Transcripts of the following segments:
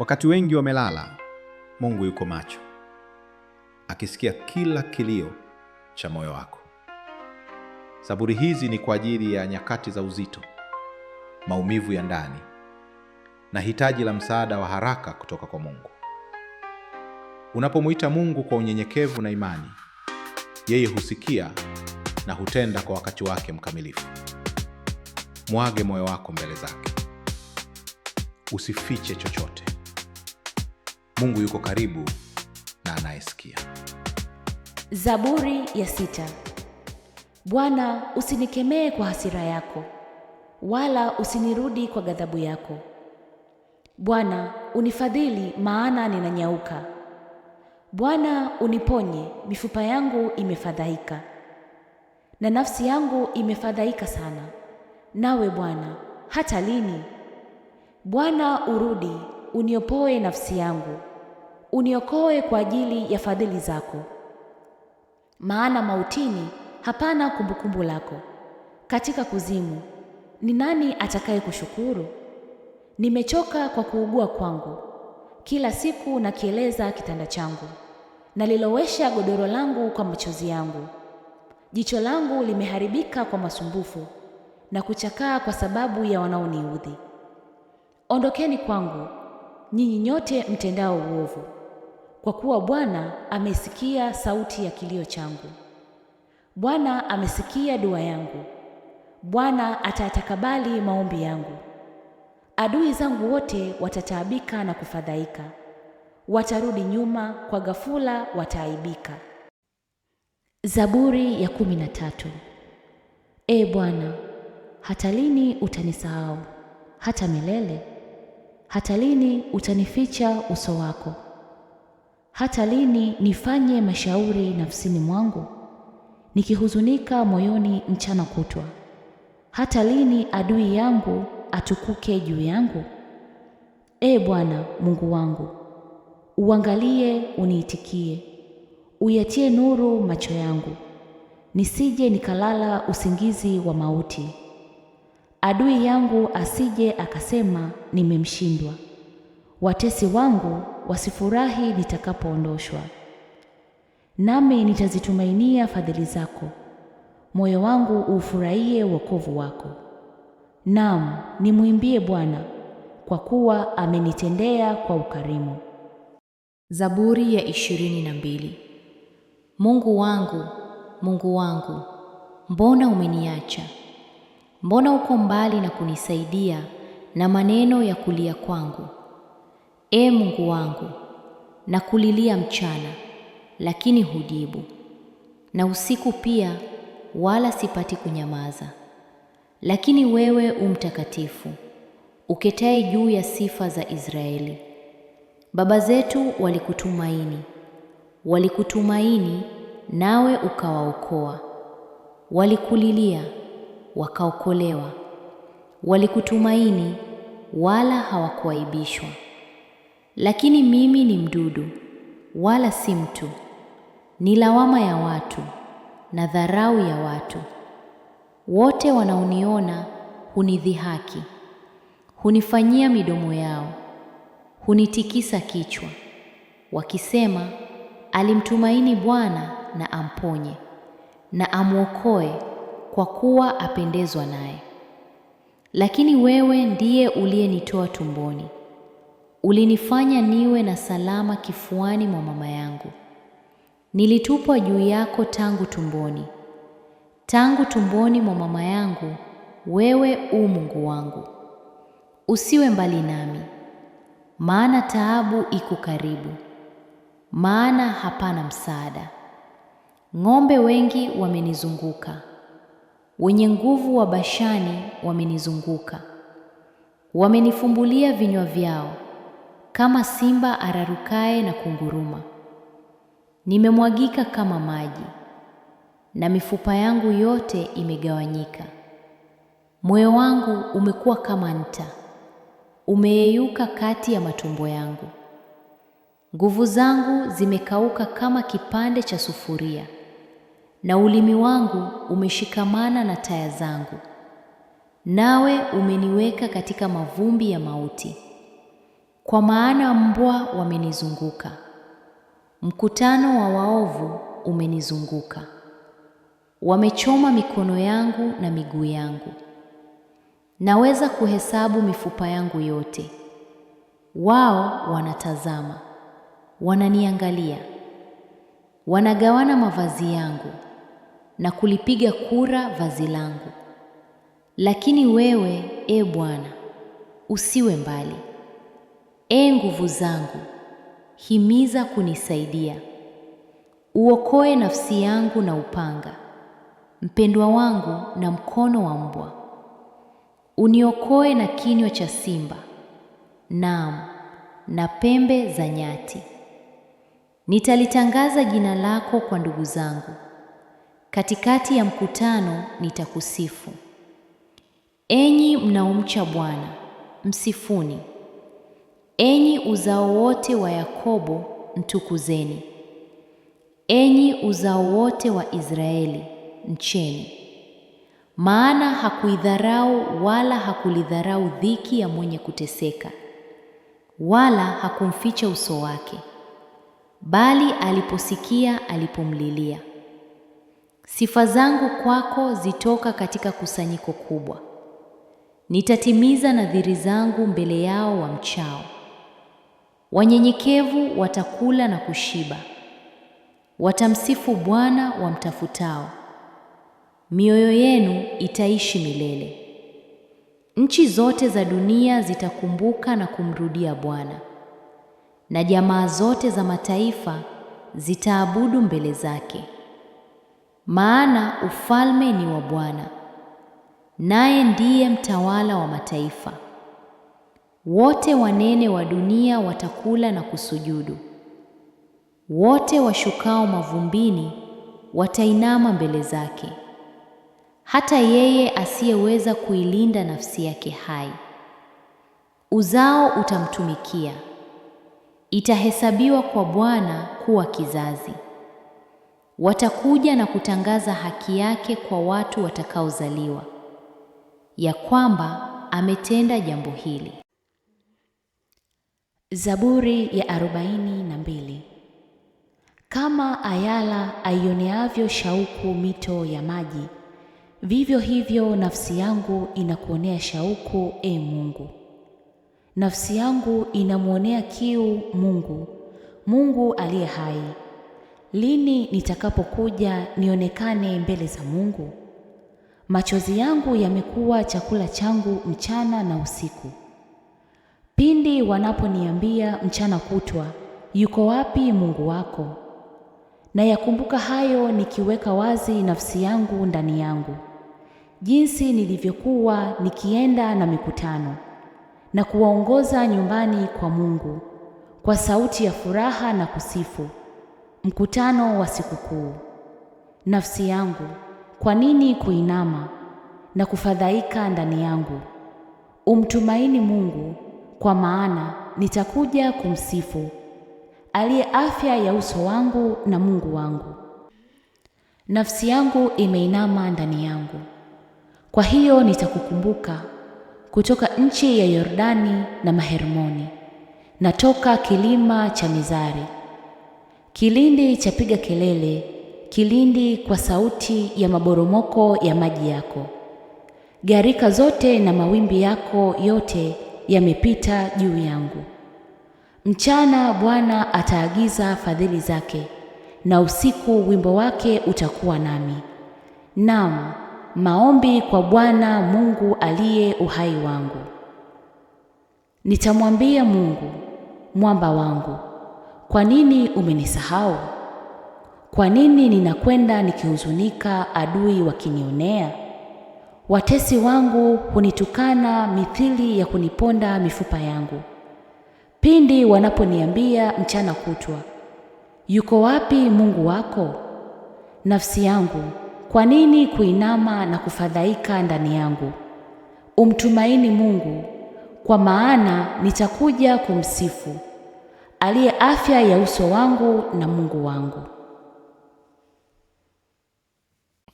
Wakati wengi wamelala, Mungu yuko macho, akisikia kila kilio cha moyo wako. Zaburi hizi ni kwa ajili ya nyakati za uzito, maumivu ya ndani na hitaji la msaada wa haraka kutoka kwa Mungu. Unapomwita Mungu kwa unyenyekevu na imani, yeye husikia na hutenda kwa wakati wake mkamilifu. Mwage moyo wako mbele zake, usifiche chochote. Mungu yuko karibu na anayesikia. Zaburi ya sita. Bwana, usinikemee kwa hasira yako, wala usinirudi kwa ghadhabu yako. Bwana, unifadhili maana ninanyauka. Bwana, uniponye mifupa yangu imefadhaika. Na nafsi yangu imefadhaika sana. Nawe Bwana, hata lini? Bwana, urudi uniopoe nafsi yangu uniokoe kwa ajili ya fadhili zako, maana mautini hapana kumbukumbu lako, katika kuzimu ni nani atakaye kushukuru? Nimechoka kwa kuugua kwangu, kila siku nakieleza kitanda changu, nalilowesha godoro langu kwa machozi yangu. Jicho langu limeharibika kwa masumbufu na kuchakaa kwa sababu ya wanaoniudhi. Ondokeni kwangu, nyinyi nyote mtendao uovu kwa kuwa Bwana amesikia sauti ya kilio changu. Bwana amesikia dua yangu. Bwana atayatakabali maombi yangu. Adui zangu wote watataabika na kufadhaika, watarudi nyuma kwa ghafula, wataaibika. Zaburi ya kumi na tatu. e Bwana, hata lini utanisahau? Hata milele? Hata lini utanificha uso wako? hata lini nifanye mashauri nafsini mwangu, nikihuzunika moyoni mchana kutwa? Hata lini adui yangu atukuke juu yangu? Ee Bwana Mungu wangu, uangalie, uniitikie, uyatie nuru macho yangu, nisije nikalala usingizi wa mauti, adui yangu asije akasema nimemshindwa, watesi wangu wasifurahi nitakapoondoshwa. Nami nitazitumainia fadhili zako, moyo wangu uufurahie wokovu wako. Naam, nimwimbie Bwana, kwa kuwa amenitendea kwa ukarimu. Zaburi ya ishirini na mbili. Mungu wangu, Mungu wangu, mbona umeniacha? Mbona uko mbali na kunisaidia na maneno ya kulia kwangu? e Mungu wangu, nakulilia mchana, lakini hujibu, na usiku pia, wala sipati kunyamaza. Lakini wewe u mtakatifu, juu ya sifa za Israeli. Baba zetu walikutumaini, walikutumaini nawe ukawaokoa. Walikulilia wakaokolewa, walikutumaini wala hawakuaibishwa. Lakini mimi ni mdudu wala si mtu, ni lawama ya watu na dharau ya watu. Wote wanaoniona hunidhihaki, hunifanyia midomo yao, hunitikisa kichwa, wakisema, alimtumaini Bwana na amponye na amwokoe, kwa kuwa apendezwa naye. Lakini wewe ndiye uliyenitoa tumboni Ulinifanya niwe na salama kifuani mwa mama yangu. Nilitupwa juu yako tangu tumboni, tangu tumboni mwa mama yangu, wewe u Mungu wangu. Usiwe mbali nami, maana taabu iko karibu, maana hapana msaada. Ng'ombe wengi wamenizunguka, wenye nguvu wa Bashani wamenizunguka, wamenifumbulia vinywa vyao kama simba ararukae na kunguruma. Nimemwagika kama maji, na mifupa yangu yote imegawanyika. Moyo wangu umekuwa kama nta, umeyeyuka kati ya matumbo yangu. Nguvu zangu zimekauka kama kipande cha sufuria, na ulimi wangu umeshikamana na taya zangu. Nawe umeniweka katika mavumbi ya mauti kwa maana mbwa wamenizunguka, mkutano wa waovu umenizunguka. Wamechoma mikono yangu na miguu yangu, naweza kuhesabu mifupa yangu yote. Wao wanatazama, wananiangalia, wanagawana mavazi yangu na kulipiga kura vazi langu. Lakini wewe, e Bwana, usiwe mbali e nguvu zangu, himiza kunisaidia, uokoe nafsi yangu na upanga, mpendwa wangu na mkono wa mbwa. Uniokoe na kinywa cha simba, naam, na pembe za nyati. Nitalitangaza jina lako kwa ndugu zangu, katikati ya mkutano nitakusifu. Enyi mnaomcha Bwana, msifuni. Enyi uzao wote wa Yakobo mtukuzeni, enyi uzao wote wa Israeli mcheni, maana hakuidharau wala hakulidharau dhiki ya mwenye kuteseka, wala hakumficha uso wake, bali aliposikia alipomlilia. Sifa zangu kwako zitoka katika kusanyiko kubwa, nitatimiza nadhiri zangu mbele yao wa mchao Wanyenyekevu watakula na kushiba, watamsifu Bwana wamtafutao. Mioyo yenu itaishi milele. Nchi zote za dunia zitakumbuka na kumrudia Bwana, na jamaa zote za mataifa zitaabudu mbele zake. Maana ufalme ni wa Bwana, naye ndiye mtawala wa mataifa. Wote wanene wa dunia watakula na kusujudu, wote washukao mavumbini watainama mbele zake. Hata yeye asiyeweza kuilinda nafsi yake hai, uzao utamtumikia. Itahesabiwa kwa Bwana kuwa kizazi. Watakuja na kutangaza haki yake kwa watu watakaozaliwa, ya kwamba ametenda jambo hili. Zaburi ya arobaini na mbili. Kama ayala aioneavyo shauku mito ya maji, vivyo hivyo nafsi yangu inakuonea shauku, e Mungu. Nafsi yangu inamwonea kiu Mungu, Mungu aliye hai. Lini nitakapokuja nionekane mbele za Mungu? Machozi yangu yamekuwa chakula changu mchana na usiku. Pindi wanaponiambia mchana kutwa, yuko wapi Mungu wako? Na yakumbuka hayo nikiweka wazi nafsi yangu ndani yangu, jinsi nilivyokuwa nikienda na mikutano na kuwaongoza nyumbani kwa Mungu kwa sauti ya furaha na kusifu, mkutano wa sikukuu. Nafsi yangu, kwa nini kuinama na kufadhaika ndani yangu? Umtumaini Mungu kwa maana nitakuja kumsifu aliye afya ya uso wangu na Mungu wangu. Nafsi yangu imeinama ndani yangu, kwa hiyo nitakukumbuka kutoka nchi ya Yordani na Mahermoni, na toka kilima cha Mizari. Kilindi chapiga kelele, kilindi kwa sauti ya maboromoko ya maji yako. Gharika zote na mawimbi yako yote yamepita juu yangu. Mchana Bwana ataagiza fadhili zake, na usiku wimbo wake utakuwa nami. Naam, maombi kwa Bwana Mungu aliye uhai wangu. Nitamwambia Mungu, mwamba wangu, kwa nini umenisahau? Kwa nini ninakwenda nikihuzunika, adui wakinionea? Watesi wangu hunitukana mithili ya kuniponda mifupa yangu, pindi wanaponiambia mchana kutwa, yuko wapi Mungu wako? Nafsi yangu, kwa nini kuinama na kufadhaika ndani yangu? Umtumaini Mungu, kwa maana nitakuja kumsifu, aliye afya ya uso wangu na Mungu wangu.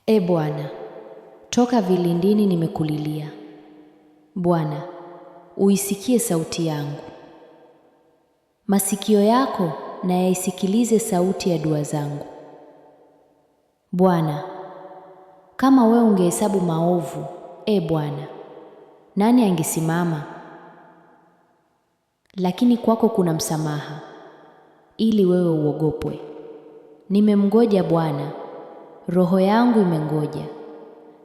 E Bwana, Toka vilindini nimekulilia. Bwana, uisikie sauti yangu. Masikio yako na yaisikilize sauti ya dua zangu. Bwana, kama wewe ungehesabu maovu, e Bwana, nani angesimama? Lakini kwako kuna msamaha, ili wewe uogopwe. Nimemngoja Bwana, roho yangu imengoja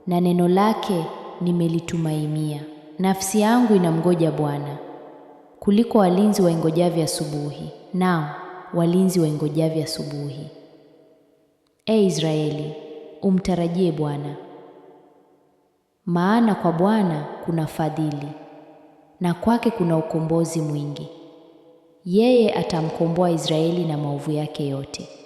na neno lake nimelitumainia. Nafsi yangu inamgoja Bwana kuliko walinzi waingojavyo asubuhi, na walinzi waingojavyo asubuhi. E Israeli, umtarajie Bwana, maana kwa Bwana kuna fadhili na kwake kuna ukombozi mwingi. Yeye atamkomboa Israeli na maovu yake yote.